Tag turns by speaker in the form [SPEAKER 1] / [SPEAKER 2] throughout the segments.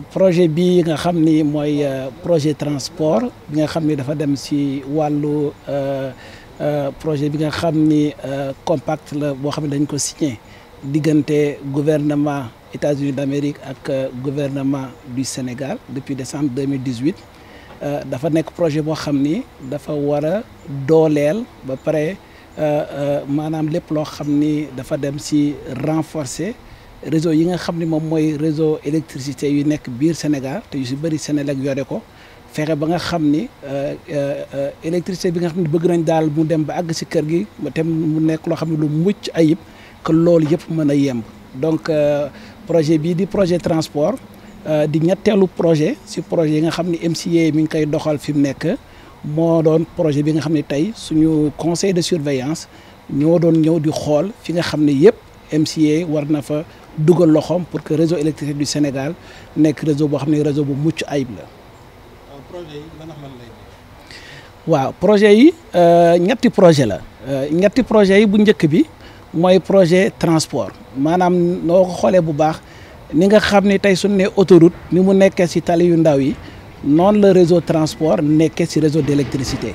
[SPEAKER 1] projet bi nga xamni moy euh, projet transport bi nga xamni dafa dem ci wàllu euh, euh, projet bi nga xamni compact la bo xamni dañ ko signé diggante gouvernement États-Unis d'Amérique ak gouvernement du Sénégal depuis décembre 2018 dafa nek projet bo xamni ni dafa war a dooleel ba pare manam lépp lo xamni dafa dem ci renforcer réseau yi nga xamni mom moy réseau électricité yu nek biir Sénégal té yu si bëri Sénélec yoré ko fexe ba nga xam euh, euh, euh électricité bi nga xamni bëgg nañ dal mu dem ba ag ci kër gi tém mu nek lo xamni lu mucc ayib que lool yëpp mëna a yemb donc euh, projet bi di projet transport di ñettelu projet ci projet yi nga xamni MCA mi ngi koy doxal fi mu mo doon projet bi nga xamni tay suñu conseil de surveillance ñoo doon ñëw di xool fi nga xamni ne yëpp MCA war na fa dugal loxoom pour que réseau électrique du Sénégal nek réseau bo xamné réseau bu mucc ayib la. Euh, projet yi ban man lay wa projet yi euh, ñetti projet la euh, ñetti projet yi bu ñëk bi moy projet transport Manam noko ko bu baax ni nga xam ne tey autoroute ni mu nekkee ci tali yu ndaw yi non la réseau transport nekkee ci réseau d'électricité.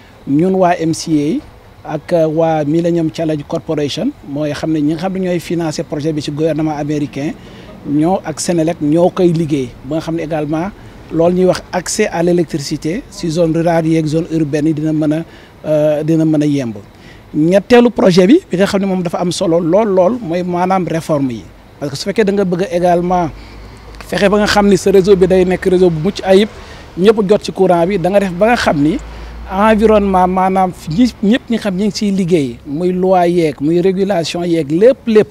[SPEAKER 1] ñun wa MCA ak euh, wa Millennium Challenge Corporation moy xamné ñi nga xamné ñoy financer projet bi ci gouvernement américain ñoo ak Sénélec ñoo koy liggéey ba nga xamné également lool ñi wax accès à l'électricité ci zone rurale yi ak zone urbaine yi dina mëna euh dina mëna yemb ñettelu projet bi bi nga xamné mom dafa am solo lool lool moy manam réforme yi parce que su fekkee da nga bëgg également fexé ba nga xamné ce réseau bi day nek réseau bu mucc ayib ñepp jot ci courant bi da nga def ba nga xam environnement manam ñepp ñi xam ñi ci siy liggéey muy loi yek muy régulation yek lepp lepp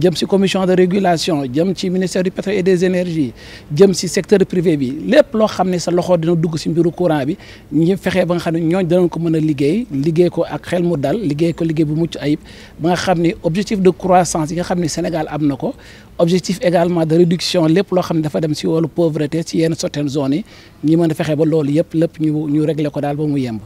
[SPEAKER 1] jëm ci commission de régulation jëm ci ministère du pétrole et des énergies jëm ci secteur privé bi lepp lo xam sa loxo dina dugg ci mbiru courant bi ñi fexé ba nga xam ne ñooñ danañ ko mëna a liggéey liggéey ko ak xel mu dal liggéey ko liggéey bu mucc ayib ba nga xam objectif de croissance yi nga xam Sénégal am nako objectif également de réduction lepp lo xam dafa dem ci wàllu pauvreté ci yenn certaines zones yi ñi mëna fexé ba loolu yépp lepp ñu ñu régler ko dal ba mu yemb